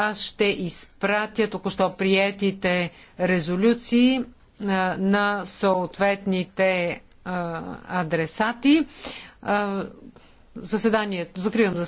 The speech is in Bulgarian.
Аз ще изпратя току-що приетите резолюции на, на съответните а, адресати. А, заседанието, закривам заседанието.